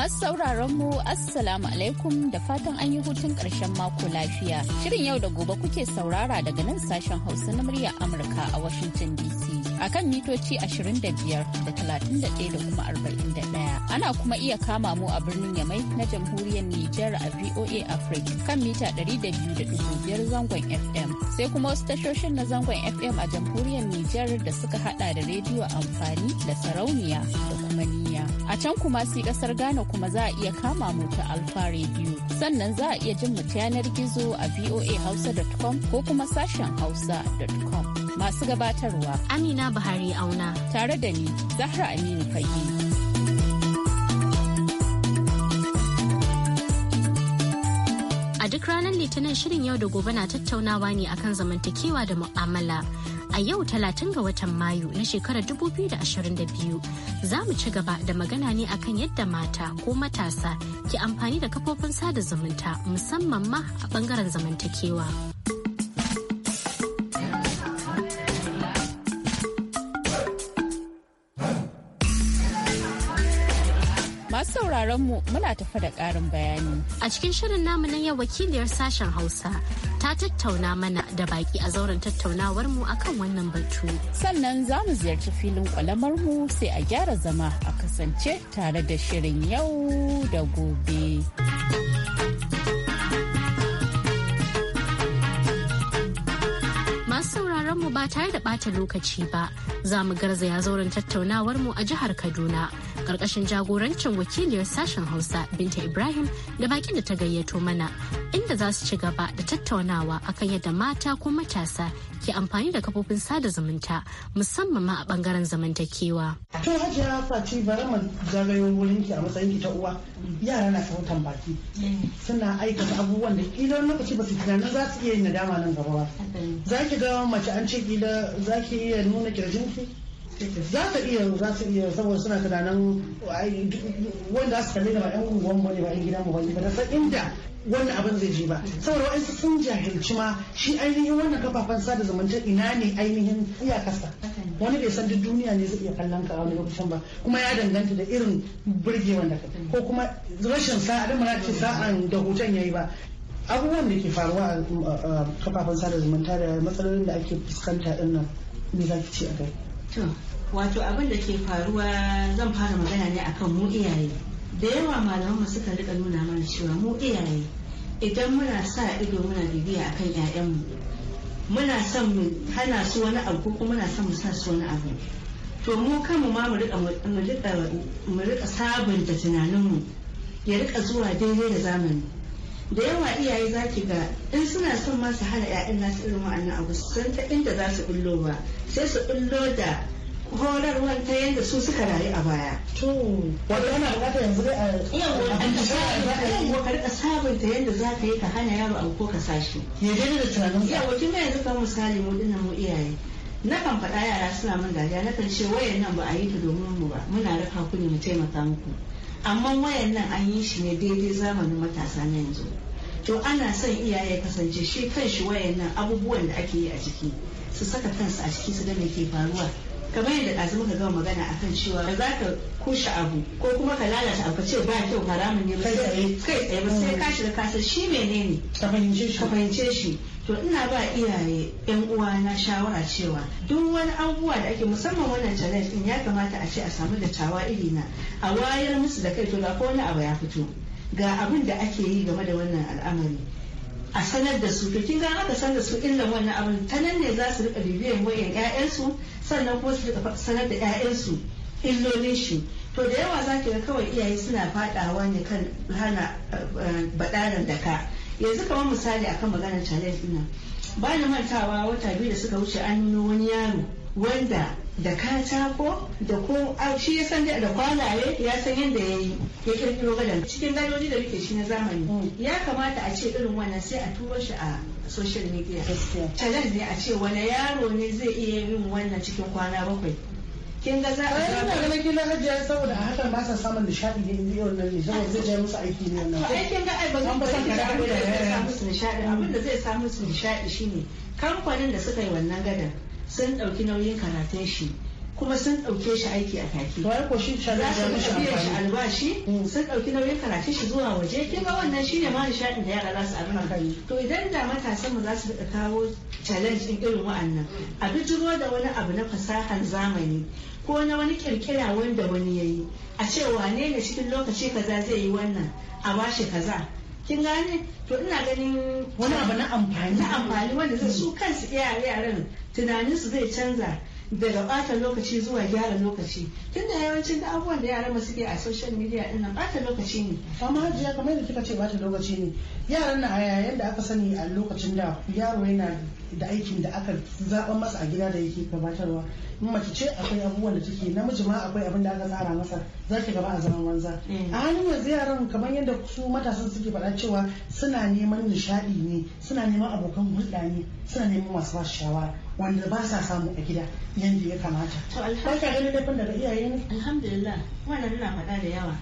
Masu sauraron mu Assalamu alaikum da fatan an yi hutun ƙarshen mako lafiya. Shirin yau da gobe kuke saurara daga nan sashen Hausa na murya Amurka a Washington DC. A kan mitoci 25 da 31 da kuma 41. Ana kuma iya kama mu a birnin Yamai na jamhuriyar Nijar a VOA Africa kan mita 200.5 zangon FM. Sai kuma wasu tashoshin na zangon FM a jamhuriyar Nijar da suka hada da rediyo amfani da sarauniya da kuma ni. Kenya. A can kuma si kasar Ghana kuma za a iya kama mu ta Alfa Radio. Sannan za a iya jin mu yanar gizo a voahausa.com ko kuma sashen hausa.com. Masu gabatarwa Amina Buhari Auna. Tare da ni Zahra Aminu A duk ranar litinin shirin yau da gobe na tattaunawa ne akan zamantakewa da mu'amala a yau talatin ga watan Mayu na shekarar da ashirin biyu za mu ci gaba da magana ne akan yadda mata ko matasa ke amfani da kafofin sada zumunta musamman ma a bangaren zamantakewa. sauraron mu muna tafa da ƙarin bayani. A cikin shirin namu na yau wakiliyar sashen Hausa ta tattauna mana da baki a zauren tattaunawar mu akan wannan batu. Sannan za mu ziyarci filin kwalamar mu sai a gyara zama a kasance tare da shirin yau da gobe. mu ba tare da ɓata lokaci ba za mu garzaya zauren tattaunawar mu a jihar Kaduna. karkashin jagorancin wakiliyar sashen hausa binta ibrahim da bakin da ta gayyato mana inda za su ci gaba da tattaunawa akan yadda mata ko matasa ke amfani da kafofin sada zumunta musamman ma a bangaren zamantakewa. to hajiya fati bari mu zagayo wurinki ki a matsayin ki ta uwa yara na sautan baki suna aikata abubuwan da kila wani lokaci ba su tunanin za su iya yin nadama nan gaba ba za ki ga mace an ce kila za ki iya nuna kirjinki za ta iya za ta iya saboda suna tunanin wanda su kalli da ba yan unguwan ba ne ba gidan mu ba ne ba inda wannan abin zai je ba saboda wa'ansu sun jahilci ma shi ainihin wannan kafafen sada zumunta ina ne ainihin iyakarsa wani bai san duk duniya ne zai iya kallon ka a wani lokacin ba kuma ya danganta da irin burgewan da ko kuma rashin sa'a da mara ce sa'an da hoton yayi ba abubuwan da ke faruwa a kafafen sada zumunta da matsalolin da ake fuskanta dinnan me za ki ce a kai wato abin da ke faruwa zan fara magana ne akan mu iyaye da yawa malamanmu suka rika nuna mana cewa mu iyaye idan muna sa ido muna bibiya akan 'ya'yanmu muna son mu hana su wani abu ko muna son mu sa su wani abu to mu kanmu ma mu rika mu rika tunaninmu ya rika zuwa daidai da zamani da yawa iyaye za ki ga in suna son masu hana 'ya'yan nasu irin wa'annan abu san ta inda za su bullo ba sai su bullo da horarwar ta yadda su suka rayu a baya. Wato yana bukatar yanzu dai a ka riƙa sabunta yadda za ka yi ka hana yaro abu ko ka sashi. Ya daidai da tunanin sa. Yawa kin yanzu kan misali mu dinnan mu iyaye. Nakan faɗa yara suna min dariya nakan ce wayan nan ba a yi ta domin mu ba muna raka ku ne mu taimaka muku. Amma wayan nan an yi shi ne daidai zamanin matasa na yanzu. To ana son iyaye kasance shi kan shi wayan nan abubuwan da ake yi a ciki su saka kansu a ciki su ga me ke faruwa. kamar yadda ɗazu muka gama magana a kan cewa ba za ka kushe abu ko kuma ka lalata abu ka ce ba kyau haramun ne kai tsaye kai tsaye ba sai ka shiga shi menene ka fahimce shi to ina ba iyaye yan uwa na shawara cewa duk wani abubuwa da ake musamman wannan challenge din ya kamata a ce a samu da tawa iri na a wayar musu da kai to ga ko wani abu ya fito ga abin da ake yi game da wannan al'amari a sanar da su to kin ga aka sanar da su illan wannan abin ta nan ne za su rika bibiyan wayan ƴaƴansu sannan kuma su rika sanar da ƴaƴansu illolin shi to da yawa za ki ga kawai iyaye suna fadawa ne kan hana eh, badaran da ka yanzu kamar misali akan maganar challenge ɗin nan ba ni mantawa wata biyu da suka wuce an wani yaro wanda da katako da ko shi ya san da kwalaye ya san yadda ya yi ya kirkiro gadon cikin gadoji da muke shi na zamani mm. ya kamata a ce irin wannan sai a turo shi a social media challenge ne a ce wani yaro ne zai iya yin wannan cikin kwana bakwai kin ga za a yana da nake na hajiya saboda a hakan ba sa samun nishadi ne inda yau nan ne saboda zai je musu aiki ne wannan ai kin ga ai ba zan ba san kada da zai samu su nishadi abin da zai samu su nishadi shine kamfanin da suka yi wannan gadan sun ɗauki nauyin karatun shi kuma sun ɗauke shi aiki a kaki. Wai ko shi shi albashi mm. sun ɗauki nauyin karatun shi zuwa waje kin ga wannan ne ma nishaɗin da yara za su abin kai. To idan da matasan mu za su riƙa kawo challenge ɗin irin wa'annan a bijiro da wani abu na fasahar zamani ko na wani kirkira wanda wani ya yi. a ce wane ne cikin lokaci kaza zai yi wannan a bashi kaza kin gane to ina ganin wani abu na amfani na amfani wanda zai su kansu yaran tunanin su zai canza daga bata lokaci zuwa gyara lokaci tun da yawancin da abubuwan da yaran masu suke a social media din nan bata lokaci ne amma hajiya kamar da kika ce bata lokaci ne yaran na a yayin aka sani a lokacin da yaro yana da aikin da aka zaɓa masa a gida da yake gabatarwa mace ce akwai abubuwan da take namiji ma akwai abin da aka tsara masa za ki gaba a zaman wanza mm. a halin yanzu yaran kamar yadda su matasan suke faɗa cewa suna neman nishaɗi ne suna neman abokan hulɗa ne suna neman masu ba shawara wanda ba sa samu a gida yadda ya kamata. To alhamdulillah. Ba ganin daga iyaye ne? Alhamdulillah. Wannan ina faɗa da yawa.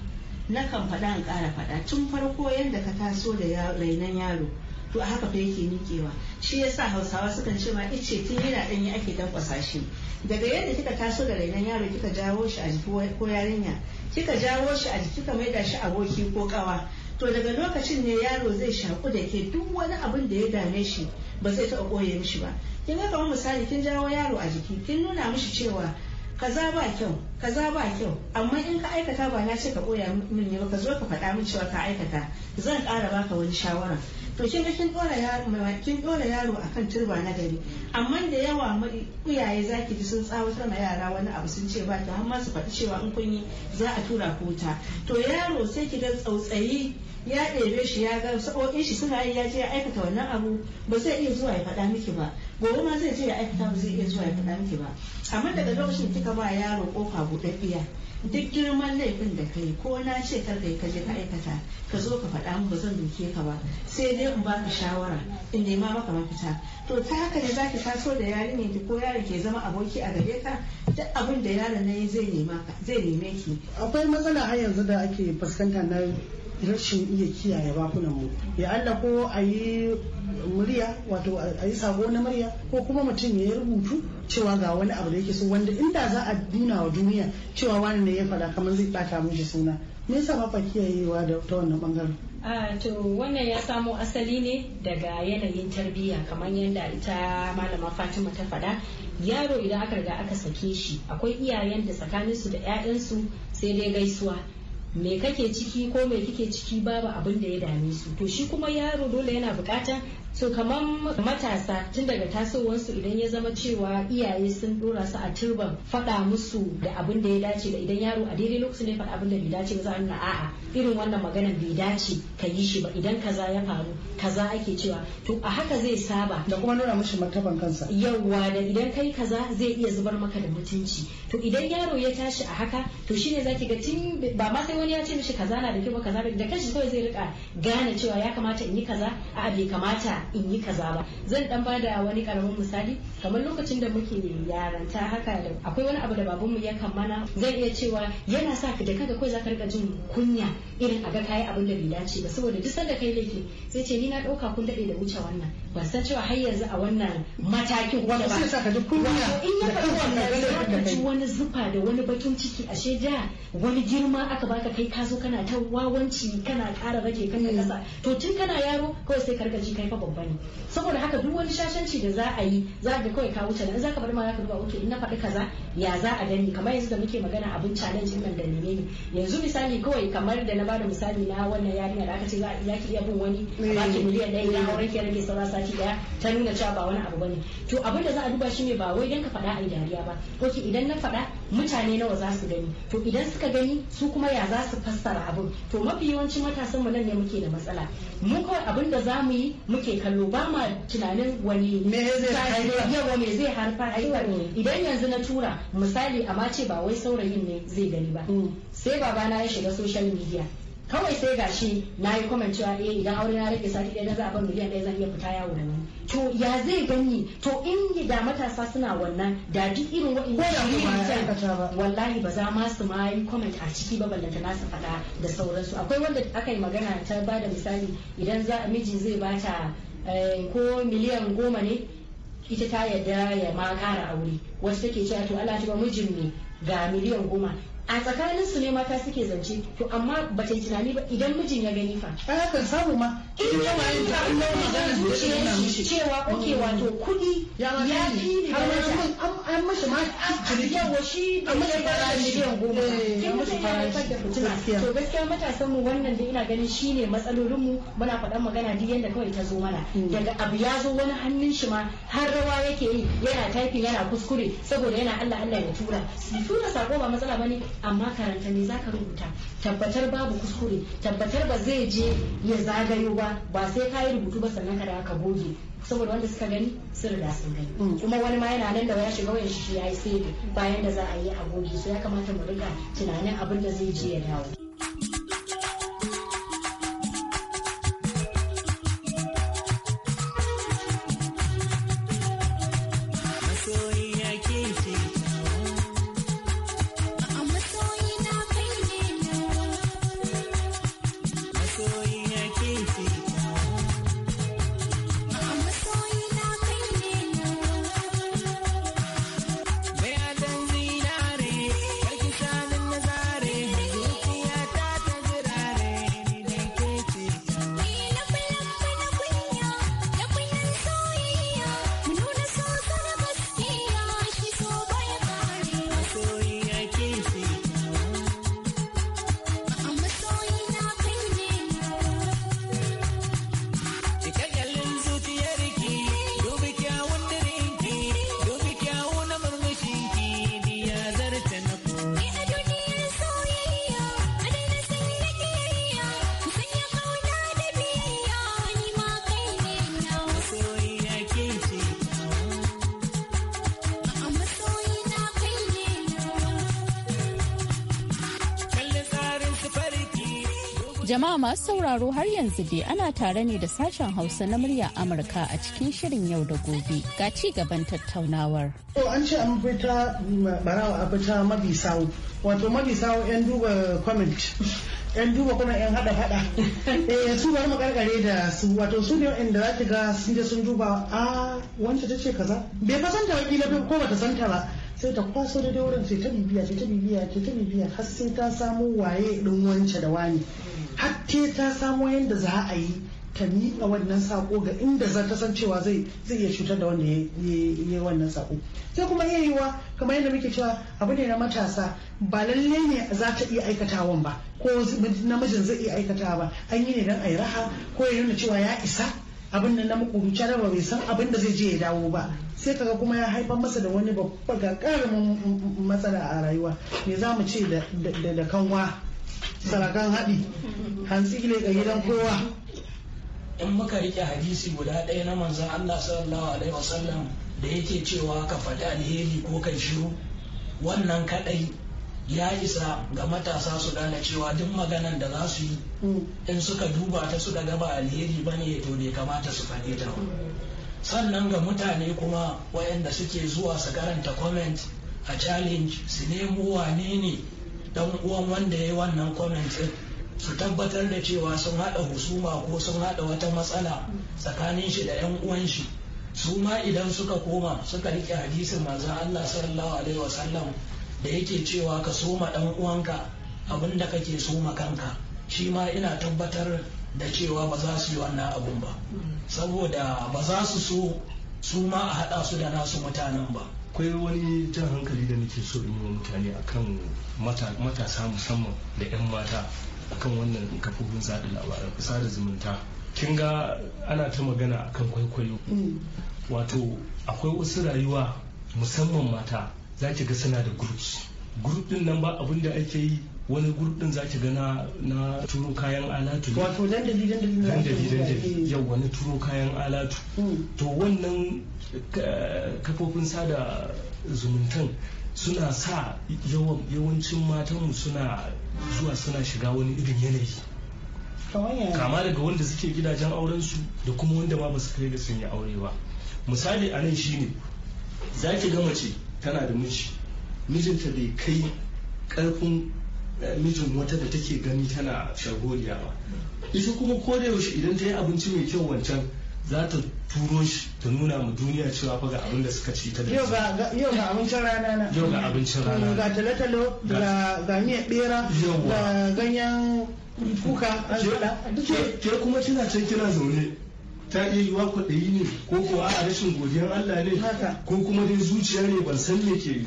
Nakan faɗa in ƙara faɗa tun farko yadda ka taso da rainan yaro. To haka fa yake miƙewa. Shi ya sa Hausawa sukan ce ma ice tun yana ɗanyi ake danƙwasa shi. Daga yadda kika taso da rainan yaro kika jawo shi a jiki ko yarinya. Kika jawo shi a jiki kika maida shi aboki ko ƙawa. to daga lokacin ne yaro zai shaku da ke duk wani abin da ya dame shi ba zai taɓa koya mishi ba kin ga kamar misali kin jawo yaro a jiki kin nuna mishi cewa kaza ba kyau kaza ba kyau amma in ka aikata ba na ce ka koya min ba ka zo ka faɗa min cewa ka aikata zan ƙara baka wani shawara to shi kin dora yaro kin dora yaro akan turba na gari amma da yawa iyaye zaki ji sun tsawatar ma yara wani abu sun ce ba ki har ma su faɗi cewa in kun yi za a tura ku wuta to yaro sai ki ga tsautsayi ya ɗebe shi ya ga sa'o'in shi suna yi ya ce ya aikata wannan abu ba zai iya zuwa ya faɗa miki ba gobe ma zai je ya aikata ba zai iya zuwa ya faɗa miki ba amma daga lokacin kika ba yaro kofa buɗaɗɗiya duk girman laifin da kai ko na ce kar kai ka je ka aikata ka zo ka faɗa mu ba zan duke ka ba sai dai in baka shawara in nema maka mafita to ta haka ne zaki taso da yari ki ko yaron ke zama aboki a gare ka duk abin da yaron nayi zai nema zai neme ki akwai matsala a yanzu da ake fuskanta na rashin iya kiyaye bakunan mu ya Allah ko ayi. murya wato a yi sabo na murya ko kuma mutum ya rubutu cewa ga wani abu da yake so wanda in da za a nuna wa duniya cewa wani ne ya faɗa kamar zai ɓata mishi suna me yasa ba fa kiyayewa da ta wannan bangaren a to wannan ya samo asali ne daga yanayin tarbiyya kamar yadda ita malama fatima ta faɗa yaro idan aka riga aka sake shi akwai iyayen da tsakaninsu da 'ya'yansu sai dai gaisuwa me kake ciki ko me kike ciki babu abin da ya dame su to shi kuma yaro dole yana bukatan so kamar matasa tun daga tasowarsu idan ya zama cewa iyaye sun dora su a turban faɗa musu da abin da ya dace da idan yaro a daidai lokacin ne faɗa abin da bai dace ba za a nuna a'a irin wannan maganan bai dace ka yi shi ba idan kaza ya faru kaza ake cewa to a haka zai saba da kuma nuna mishi martaban kansa yawwa da idan kai kaza zai iya zubar maka da mutunci to idan yaro ya tashi a haka to shine zaki ga tun ba ma sai wani ya ce mishi kaza na da kyau kaza da kanshi kawai zai rika gane cewa ya kamata in yi kaza a'a bai kamata in yi kaza ba zan dan da wani karamin misali kamar lokacin da muke yaranta haka da akwai wani abu da mu ya kammana zan iya cewa yana sa ka da kaga za zaka rika jin kunya irin a ga kaya abin da bai dace ba saboda duk sanda kai laifi sai ce ni na dauka kun dade da wuce wannan ban san cewa har yanzu a wannan matakin wanda ba sai saka duk kunya in ya faɗi wannan ji wani zufa da wani bakin ciki ashe da wani girma aka baka kai ka zo kana ta wawanci kana ƙara rage kanka kasa to tun kana yaro kawai sai ji kai fa babba bane saboda haka duk wani shashanci da za a yi za ka kawai ka wuce za ka bar ma za ka duba wuce in na faɗi kaza ya za a gani kamar yanzu da muke magana abin challenge nan da ne ne yanzu misali kawai kamar da na bada misali na wannan yarinya da aka ce za ki iya bin wani mm. ba ki miliyan ɗaya ya mm. auren ki rage sauran sati daya ta nuna cewa ba wani abu bane to abin da za a duba shi ne ba wai dan ka faɗa a dariya ba ko idan na faɗa mutane nawa za su gani to idan suka gani su kuma ya za su fassara abin to mafi yawancin matasan mu nan ne muke da matsala mu kawai abin da za mu yi muke kallo ba ma tunanin wani yawa me zai harfa idan yanzu na tura misali amma ce ba wai saurayin ne zai gani ba mm. sai babana ya shiga social media kawai sai gashi na yi comment cewa eh idan aure na rage sati ɗaya na za a bar miliyan ɗaya zan iya fita yawo da nan to ya zai gani to in da matasa suna wannan da duk irin wa'in wallahi ba za ma su ma yi comment a ciki ba ballanta na su faɗa da sauransu akwai wanda aka yi magana ta ba da misali idan za miji zai bata eh, ko miliyan goma ne ita ta yarda ya ma kara aure wasu take cewa to Allah ba mijin ne ga miliyan goma a tsakanin su ne mata suke zance to amma ba ta yi tunani ba idan mijin ya gani fa a kan samu ma in ya ta Allah cewa mm. wato kudi ya fi ne an mashi ma shi da ya fara miliyan goma eh, ya da fitina to gaskiya matasan mu wannan da ina ganin shi matsalolin mu muna faɗan magana duk yanda kawai ta zo mana mm. daga abu ya zo wani hannun shi ma har rawa yake yi yana taifin yana kuskure saboda yana Allah Allah ya tura su tura sako ba matsala bane amma karanta ne zaka rubuta tabbatar babu kuskure tabbatar ba zai je ya zagayo ba ba sai ka yi rubutu ba sannan ka da ka goge saboda wanda suka gani sun riga sun gani mm. kuma wani ma yana nan da ya shiga wayan shi ya yi sai bayan da za a yi a goge so ya kamata mu riga tunanin abin da zai je ya dawo Jama'a masu sauraro har yanzu dai ana tare ne da sashen Hausa na murya Amurka a cikin shirin yau da gobe ga ci gaban tattaunawar. To an ce an fita mm, barawa a fita mabi sawu. Wato mabi sawu 'yan duba comment. yan duba kuma yan hada hada eh su bari mu karkare da su wato su ne inda za ki ga sun je sun duba a wanda ta ce kaza bai kasanta santa wakila bai ko bata santa ba sai ta kwaso da wurin sai ta bibiya sai ta bibiya sai ta bibiya har sai ta samu waye din wance da wani hatta ta samo yadda za a yi ta a wannan sako ga inda za ta san cewa zai zai iya cutar da wanda ya wannan sako sai kuma iya yiwa kamar yadda muke cewa abu ne na matasa ba lalle ne za ta iya aikatawan ba ko namijin zai iya aikatawa ba an yi ne don a yi raha ko ya nuna cewa ya isa abin da na makuruci ba bai san abin da zai je ya dawo ba sai kaga kuma ya haifar masa da wani babban gagarumin matsala a rayuwa me za mu ce da kanwa sarakan haɗi hantsi ne ga gidan kowa in muka rike hadisi guda ɗaya na manzan Allah sallallahu alaihi wasallam da yake cewa ka faɗi alheri ko ka shiru wannan kaɗai ya isa ga matasa su gane cewa duk maganan da za su yi hmm. in suka duba ta suka gaba alheri ba ne to ne kamata su faɗi ta sannan ga mutane kuma wayanda suke zuwa su karanta comment a challenge su nemo wane ne dan uwan wanda ya yi wannan kwamentin su tabbatar da cewa sun haɗa husuma ko sun haɗa wata matsala tsakanin shi da 'yan uwan shi su ma idan suka koma suka rike hadisin manzon Allah sallallahu alaihi wasallam da yake cewa ka soma dan uwanka abin da kake soma kanka shi ma ina tabbatar da cewa ba za su yi wannan abun ba saboda ba za su so su ma a haɗa su da nasu mutanen ba akwai wani jan hankali da nake so in wa mutane akan matasa musamman da 'yan mata akan wannan kafofin zaɗi labaran kusa da zumunta kin ga ana ta magana akan kwaikwayo mm. wato akwai wasu rayuwa musamman mata za ki ga suna da groups group din nan ba abin da ake yi wani gurdin za ki gana na turo kayan alatu wato dandali dandali dandali da yau wani turo kayan alatu hmm. to wannan kafofin sada zumuntan suna sa yawancin matanmu suna zuwa suna shiga wani irin yanayi kama daga wanda suke gidajen auren su da kuma wanda ma ba su kai da sun yi aure ba misali a nan shine za ki ga mace tana da miji mijinta bai kai karfin mijin wata da take gani tana shagoliya ba ita kuma ko da yaushe idan ta yi abinci mai kyau wancan za ta turo shi ta nuna mu duniya cewa fa ga abin da suka ci ta da yau ga abincin rana na yau ga abincin rana ga talo ga ga miyar bera ga ganyen kuka ke kuma kina can kina zaune ta iya yiwa kwaɗayi ne ko kuwa a rashin godiyar Allah ne ko kuma dai zuciya ne ban san me ke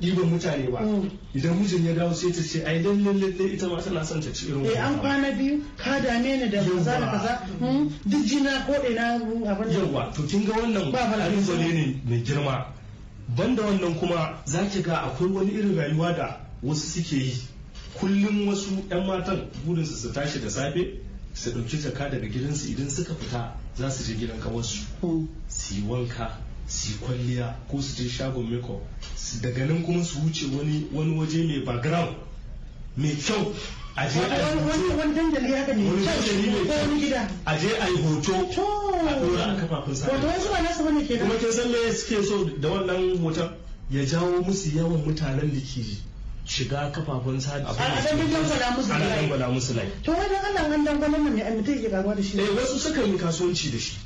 ɗiban mutane ba mm. idan mijin ya dawo sai ta ce ai lalle lalle ita ma tana son ta ci irin eh, wannan an kwana biyu ka dame ni da kaza da kaza mm. duk jina ko ina abin yawa to kin ga wannan ba kalubale ne mai girma banda wannan kuma Zaki ga akwai wani irin rayuwa da wasu suke yi kullum wasu 'yan matan burinsu su tashi da safe su ɗauki jaka daga gidansu idan suka fita za su je gidan kawansu. Mm. su yi wanka su kwalliya ko su je shagon makeup daga nan kuma su wuce wani wani waje mai background mai kyau a je a yi hoto wani dandali haka ne kyau ko wani gida a je a yi hoto a dora a kafafun sa wato wasu ba nasu bane kenan kuma kin san me suke so da wannan hoton ya jawo musu yawan mutanen da ke shiga kafafun sa a dan dangwala musu lai A ana dangwala musu lai to wannan Allah an dangwala mun ne mutum yake gaba da shi eh wasu suka yi kasuwanci da shi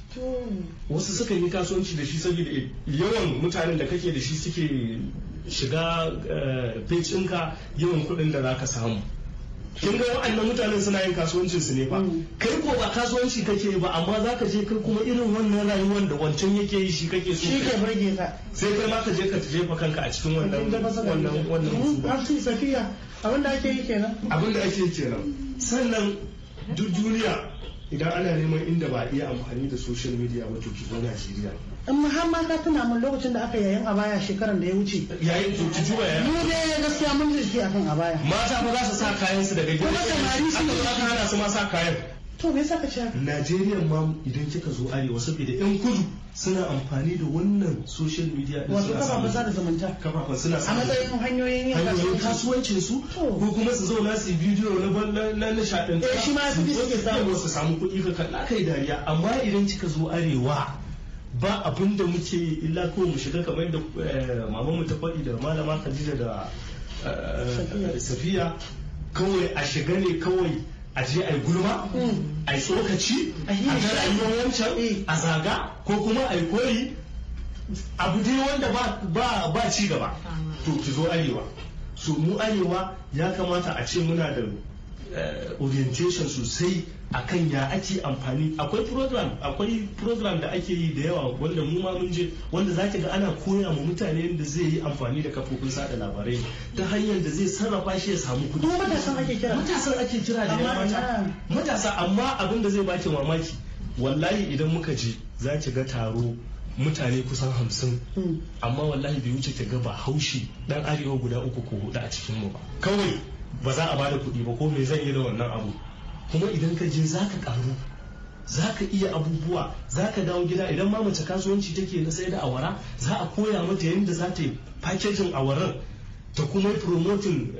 wasu suka yi kasuwanci da shi saboda yawan mutanen da kake da shi suke shiga eh, page ɗinka yawan kuɗin da za ka samu kin ga wa'annan mutanen suna yin kasuwancin su ne fa mm. kai ko ba kasuwanci kake ba amma za ka je kai kuma irin wannan rayuwar da wancan yake yi shi kake so shi ke burge ka sai kai ma ka je ka jefa kanka a cikin wannan wannan wannan hafsi safiya abinda da ake yi kenan abinda da ake yi kenan sannan duk duniya idan ana neman inda ba iya amfani da social media ba to Najeriya in muhammad ka tuna mun lokacin da aka yayin abaya shekaran da ya wuce yayin to ki juba yayin da dai gaskiya mun jirki akan abaya mata ba za su sa kayan su daga gidan kuma samari su ne aka hana su ma sa kayan to me yasa ka ci Najeriya ma idan kika zo arewa saboda yan kudu suna amfani da wannan social media din wato kafafen sada zumunta ba suna a matsayin hanyoyin yin hanyoyin kasuwancin su ko kuma su zauna su bidiyo na ban na nishadin eh shi ma su suke samu su samu kuɗi ka kalla kai dariya amma idan kika zo arewa ba abin da muke illa ko mu shiga kamar da eh, mamamu ta faɗi da malama Khadija eh, da Safiya kawai a shiga ne kawai a je a yi gulma mm. a yi tsokaci a ga yi wancan eh. a zaga ko kuma a yi koyi abu dai wanda ba ci gaba to ki zo arewa su mu arewa ya kamata a ce muna da Eh, orientation sosai akan ya ake amfani akwai program akwai program da ake yi da yawa wanda mu ma mun je wanda zaki ga ana koya ma mutane da zai yi amfani da kafofin sada labarai ta hanyar da zai sarrafa shi ya samu kudi matasan ake kira matasan ake kira da yawa matasa amma abin da zai baki mamaki wallahi idan muka je zaki ga taro mutane kusan hamsin hmm. amma wallahi bai wuce ki ga ba haushi dan arewa guda uku ko hudu a cikin mu ba kawai ba za a bada kuɗi ba ko me zan yi da wannan abu kuma idan ka je za ka ƙaru za ka iya abubuwa za ka dawo gida idan ma mace kasuwanci take na sai da awara za a koya mata yadda za ta yi fakejin awarar ta kuma yi promoting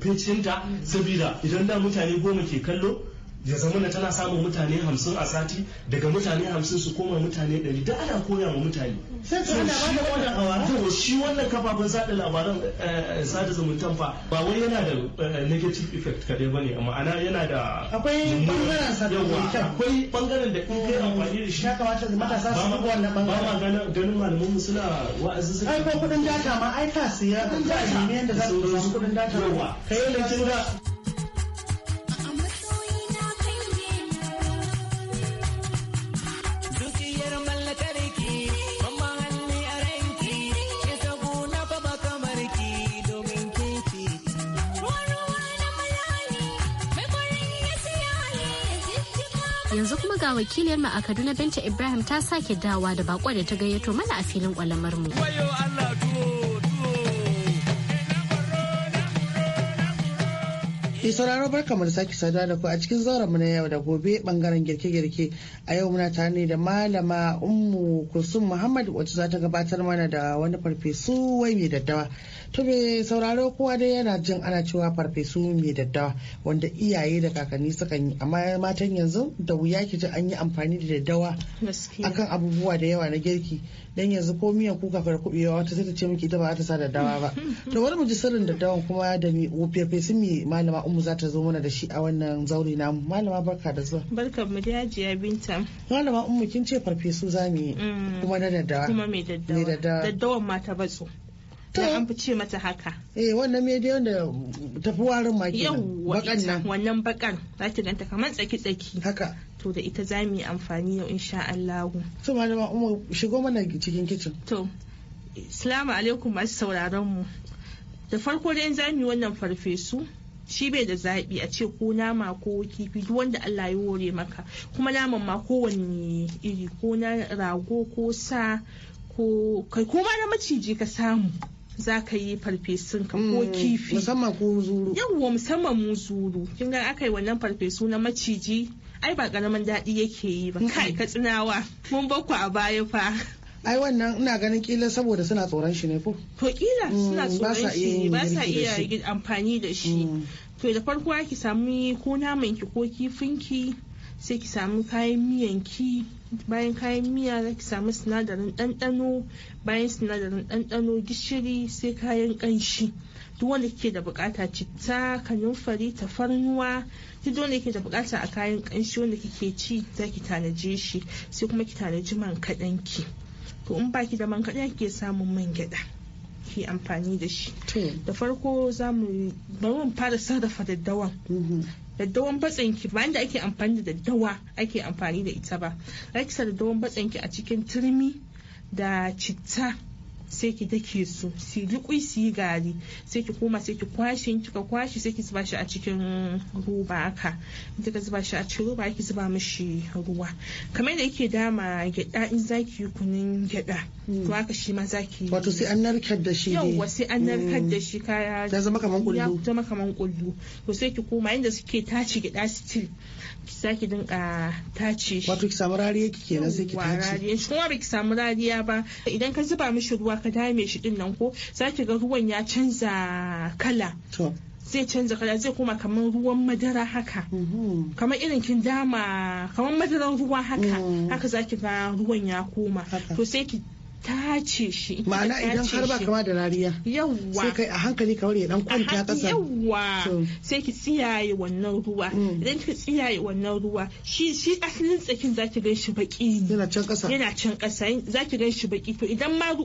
page eh, saboda idan da mutane goma ke kallo ya zama na tana samun mutane hamsin a sati daga mutane hamsin su koma mutane ɗari da ana koya ma mutane to shi wannan kafafen sada labaran eh, eh, sada zumuntan fa ba wai yana da eh, negative effect kadai bane ma'ana yana da akwai bangaren sa akwai bangaren da in kai amfani da shi ya kamata matasa su duba wannan bangaren ba ma ganin malaman mu suna wa'azi su ai ko kudin data ma ai ka siya kudin data ne yanda za su kudin data ka yi lantin buga ga wakiliyar mu a Kaduna Binta Ibrahim ta sake dawa da bako da ta gayyato mana a filin kwalamar mu. Mai sauraro barka mu da sake saduwa da ku a cikin zauren mu na yau da gobe bangaren girke-girke. A yau muna tare ne da malama Ummu kusum Muhammad wacce za ta gabatar mana da wani farfesu wai mai daddawa. To me sauraro kowa dai yana jin ana cewa farfesu mai daddawa wanda iyaye da kakanni sukan yi amma matan yanzu da wuya ki ji an yi amfani da daddawa akan abubuwa da yawa na girki. Dan yanzu ko miyan kuka fara kubewa wata sai ta ce miki ita ba za ta sa daddawa ba. To wani mu ji sirrin daddawan kuma da farfesu mai malama mu za ta zo mana da shi a wannan zauri namu malama barka da zuwa barkan mu hajiya binta malama umu kin ce farfesu za mu yi mm. kuma na daddawa kuma mai daddawa daddawan ma ta batso da an fi ce mata haka. Eh wannan mediyon da tafi warin ma kenan. Bakan nan. Wannan bakan za ki ganta kamar tsaki-tsaki. Haka. To da ita za mu yi amfani yau insha Allah. To malama Umar shigo mana cikin kicin. To. salamu alaikum masu sauraron mu. Da farko dai za mu yi wannan farfesu shi bai da zaɓi a ce ko nama ko kifi duk wanda Allah ya hore maka kuma naman ma kowanne iri ko na rago ko sa ko kai ko na maciji ka samu za ka yi farfesun ka ko hmm, kifi musamman ko zuru yawwa musamman mu zuru kin ga aka yi wannan farfesu na maciji ai ba karamin daɗi yake yi ba hmm. kai katsinawa mun bakku a baya fa ai wannan ina ganin kila saboda suna tsoron shi ne ko to kila mm, suna tsoron shi ba sa iya amfani da shi mm. to da farko ki samu ko naman ki ko kifin ki sai ki samu kayan miyan ki bayan kayan miya za ki samu sinadarin ɗanɗano bayan sinadarin ɗanɗano gishiri sai kayan ƙanshi duk wanda ke da bukata citta kanumfari tafarnuwa duk wanda ke da bukata a kayan ƙanshi wanda kike ci za ki tanaje shi sai kuma ki tanaji man kaɗanki. to in baki da man kaɗai kike samun man gyaɗa ki amfani da shi da farko za mu bari mu fara sarrafa daddawan mhm. daddawan batsen ki ba da ake amfani da daddawa ake amfani da ita ba za sa daddawan batsen ki a cikin turmi da citta sai ki dake su si liƙui su yi gari sai ki koma sai ki kwashe in kika kwashe sai ki zuba shi a cikin roba haka in kika zuba shi a cikin roba ki zuba mishi ruwa kamar yadda yake dama gyada in zaki yi kunun gyada to haka shi ma zaki wato sai an narkar da shi yawwa sai an narkar da shi mm. kaya ya zama kaman kullu ya zama kaman kullu to sai ki koma inda suke tace gyada still ki saki dinka tace shi wato ki samu rariya kike na sai ki tace rariya shi kuma ba ki samu rariya ba idan ka zuba mishi ruwa ruwa ka dame shi din nan ko zaki ga ruwan ya canza kala zai canza kala zai koma kamar ruwan madara haka mm-hmm. kamar irin kin dama kamar madaran ruwa haka mm. haka zaki ga ruwan ya koma to sai ki tace shi ma'ana idan har ba kama da rariya yawwa sai kai a hankali kawar ya dan kwanta kasa yawwa sai ki tsiyaye wannan ruwa mm. idan ki tsiyaye wannan ruwa shi shi asalin tsakin zaki gan shi baki yana can kasa yana can kasa zaki gan shi baki to idan ma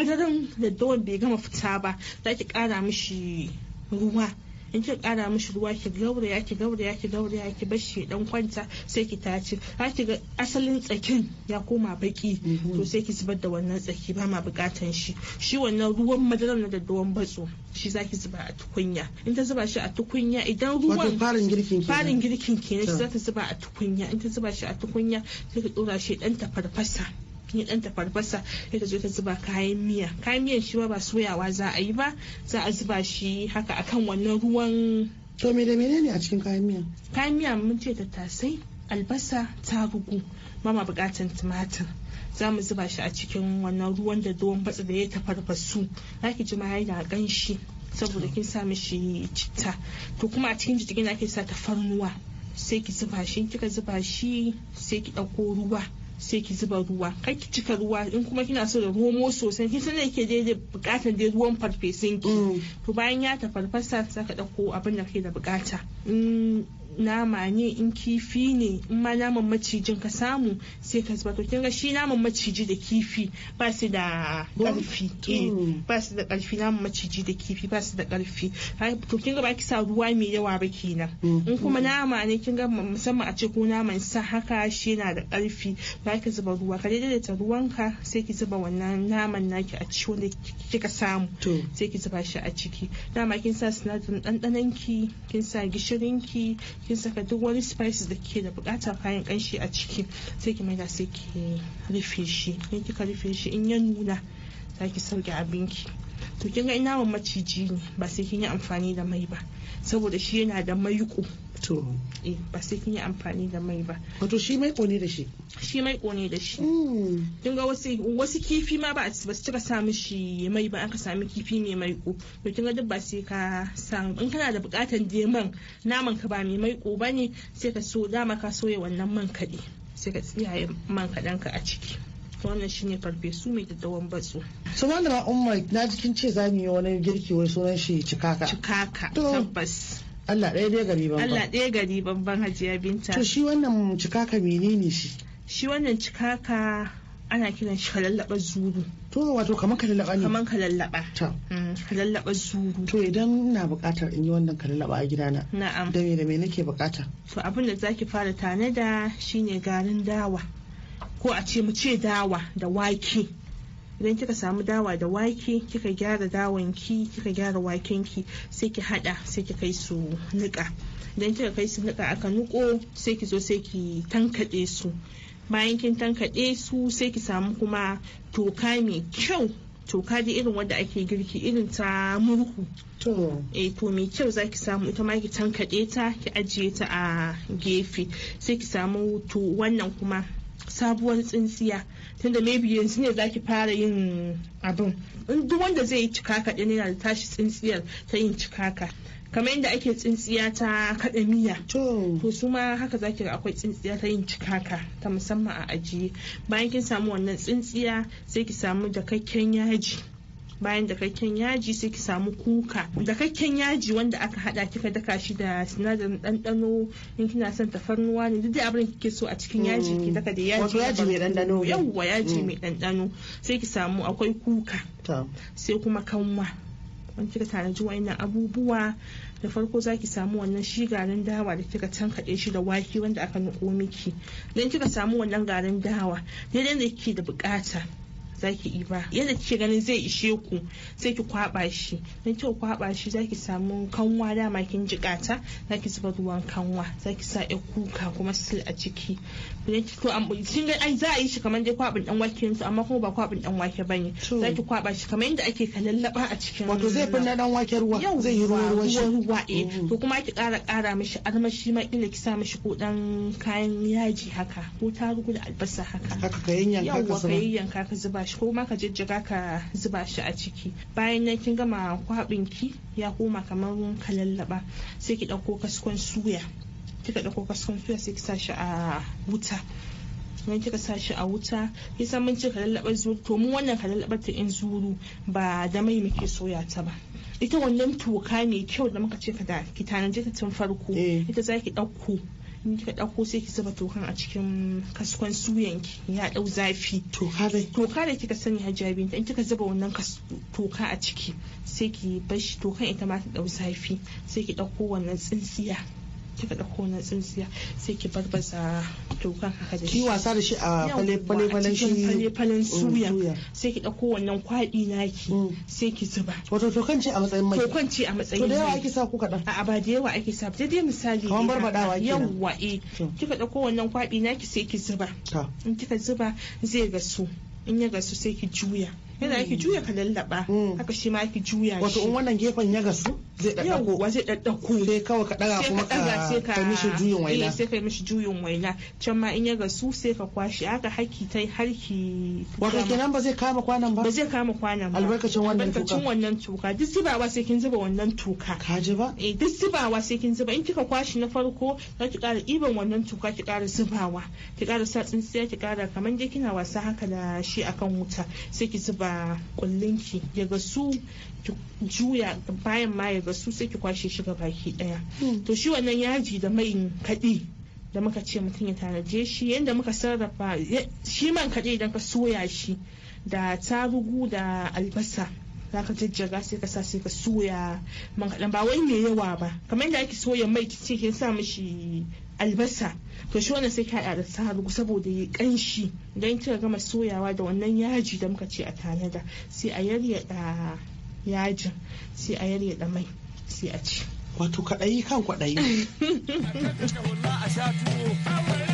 madaran da bai gama fita ba zaki kara mishi ruwa in ki kara mishi ruwa ki gauraya ki gauraya ki gauraya ki bar shi dan kwanta sai ki tace za ki ga asalin tsakin ya koma baki to sai ki zubar da wannan tsaki ba ma bukatan shi shi wannan ruwan madaran na daddawan batso shi za ki zuba a tukunya in ta zuba shi a tukunya idan ruwan farin girkin kenan farin girkin ne shi za ta zuba a tukunya in ta zuba shi a tukunya sai ki dora shi dan tafarfasa cikin dan tafarfasa sai ta zo ta zuba kayan miya kayan miyan shi ba soyawa za a yi ba za a zuba shi haka akan wannan ruwan to me da menene a cikin kayan miya kayan miya mun ce tattasai albasa tarugu mama bukatan tumatir za mu zuba shi a cikin wannan ruwan da ruwan batsa da ya tafarfasu za ki ji ma da ganshi saboda kin sa mishi citta to kuma a cikin jijigin ake sa tafarnuwa sai ki zuba shi kika zuba shi sai ki ɗauko ruwa sai ki zuba ruwa kai ki cika ruwa in kuma kina so da homo sosai kin san yake daidai bukatar dai ruwan farfesun ki mm. to bayan ya ta saka ɗauko dauko abin da kake da bukata mm. nama ne in kifi ne in ma naman macijin ka samu sai ka zuba to kin ga shi naman maciji da kifi ba su da karfi ba su da eh, karfi naman maciji da kifi ba su da karfi to kin ga ba ki sa ruwa mai yawa ba kenan mm-hmm. in kuma nama ne kin ga musamman a ce ko naman sa haka shi yana da karfi ba ki zuba ruwa ka ruwan ka sai ki zuba wannan naman naki a ciki wanda kika samu sai ki zuba shi a ciki dama kin sa sinadarin ɗanɗanon ki kin sa gishirin ki kin saka duk wani spices da kike da bukatar kayan kanshi a ciki sai ki maida sai ki rufe shi in kika rufe shi in ya nuna za ki sauke abinki to kin ga ina maciji ne ba sai kin yi amfani da mai ba saboda shi yana da maiƙo. to eh, ba sai kin yi amfani da mai ba wato shi mai kone da shi shi mai kone da shi hmm. kin ga wasu wasu kifi ma ba su cika sa mishi mai ba aka sami kifi mai maiko to kin ga duk ba sai ka san in kana da bukatan man naman ka ba mai maiko bane sai ka so dama ka soya wannan man kadi sai ka tsiyaye man kadan ka a ciki wannan ne farfesu mai daddawan batsu. su ma umar na jikin ce za mu yi wani girki wai sunan shi cikaka. cikaka tabbas Allah ɗaya dai gari banban. Allah ɗaya gari banban hajiya binta. To shi wannan cikaka menene shi? Shi wannan cikaka ana kiran shi kalallaba zuru. To wato kamar kalallaba ne? Kamar kalallaba. Ta. Mm, kalallaba zuru. To idan na buƙatar in yi wannan kalallaba a gidana. Na'am. Da me da me nake buƙata? To abin da zaki fara tanada shine garin dawa. Ko a ce mu ce dawa da wake. idan kika samu dawa da wake kika gyara dawan ki kika gyara waken ki sai ki hada sai ki kai su nika idan kika kai su nika aka nuko sai ki zo sai ki tankade su bayan kin tankade su sai ki samu kuma toka mai kyau toka da irin wanda ake girki irin ta murhu eh to mai kyau zaki samu ita ma ki tankade ta ki ajiye ta a gefe sai ki samu to wannan kuma sabuwar tsintsiya tunda maybe yanzu ne zaki fara yin abin in duk wanda zai yi cikaka din yana da tashi tsintsiyar ta yin cikaka kamar yadda ake tsintsiya ta kaɗa miya to su ma haka zaki ga akwai tsintsiya ta yin cikaka ta musamman a ajiye bayan kin samu wannan tsintsiya sai ki samu jakakken yaji bayan dakakken yaji sai ki samu kuka dakakken yaji wanda aka hada kika daka shi da sinadarin dandano in kina son tafarnuwa ne duk abin kike so a cikin mm. yaji ki daka da yaji yaji mai ɗanɗano yawwa yaji mm. mai dandano sai ki samu akwai kuka sai kuma kanwa wani kika tanaji wa'annan abubuwa da farko za ki samu wannan shi garin dawa da kika tankaɗe shi da wake wanda aka nuko miki don kika samu wannan garin dawa daidai da kike da bukata zaki yi ba yadda kike ganin zai ishe ku sai ki kwaba shi dan kika kwaba shi zaki samu kanwa dama kin jikata zaki zuba ruwan kanwa zaki sa ya kuka kuma sil a ciki to ga ai za a yi shi kamar dai kwabin dan wake su amma kuma ba kwabin dan wake bane zaki kwaba shi kamar yadda ake kalallaba a cikin wato zai fi na dan wake ruwa zai yi ruwa ruwa ruwa eh mm. to kuma ki kara kara mishi armashi ma kila ki sa mishi ko dan kayan yaji haka ko tarugu da albasa haka haka ka yanyanka ka zuba shi ko ma ka jijjiga ka zuba shi a ciki bayan nan kin gama kwabin ki ya koma kamar ka lallaba sai ki dauko kaskon suya kika dauko kaskon suya sai ki sa shi a wuta idan kika sa shi a wuta san mun ka lallaba zuru to mu wannan ka lallaba ta in zuru ba da mai muke soya ta ba ita wannan toka mai kyau da muka ce ka da ki tanaje ta tun farko eh. ita za ki ɗauko in kika ɗauko sai ki zuba tokan a cikin kaskon suyan ki ya dau zafi toka dai da kika sani hijabi in kika zuba wannan toka a ciki sai ki bar shi tokan ita ma ta ɗau zafi sai ki ɗauko wannan tsintsiya kika dauko na tsintsiya sai ki barbaza tokan haka da shi ki wasa da shi a fale fale falen shi fale falen mm, suya sai ki dauko wannan kwadi naki mm. sai ki zuba wato tokan ce a matsayin mai tokan ce a matsayin mai to da yawa ake sa ku kadan A'a ba da yawa ake sa da dai misali kaman barbadawa kenan yawa eh kika dauko wannan kwadi naki sai ki zuba in kika zuba zai gasu in ya gasu sai ki juya yana ki juya ka lallaba mm. haka shi ma ki juya shi wato in wannan gefen ya gasu zai daddako wa zai daddako sai kawai ka daga kuma ka kai mishi juyin waina eh, sai kai mishi juyin waina can ma in ya gasu sai ka kwashi haka haki tai harki wato kenan ba zai kama kwanan ba ba zai kama kwanan ba albarkacin wannan tuka albarkacin wannan tuka duk zubawa sai kin zuba wannan tuka ka ji ba eh duk zubawa sai kin zuba in kika kwashi na farko za ki kara iban wannan tuka ki kara zubawa ki kara sa tsintsiya ki kara kamar dai kina wasa haka da shi akan wuta sai ki zuba da ki ya ga su juya bayan ma ya ga su sai ki kwashe shi baki daya hmm. to shi wannan yaji da mai kaɗi da muka ce mutum ya tanaje shi yadda muka sarrafa shi man kadi idan ka soya shi da tarugu da albasa za ka jajjaga sai ka sa sai ka soya man kaɗan ba wai mai yawa ba kamar yadda ake soya mai ki ce ki sa mishi albasa to shi wannan sai ka haɗa da tarugu saboda ya ƙanshi yin kika gama soyawa da wannan yaji da muka ce a tanada sai a yaryaɗa yajin sai a yaryaɗa mai sai a ci wato kaɗayi kan kwaɗayi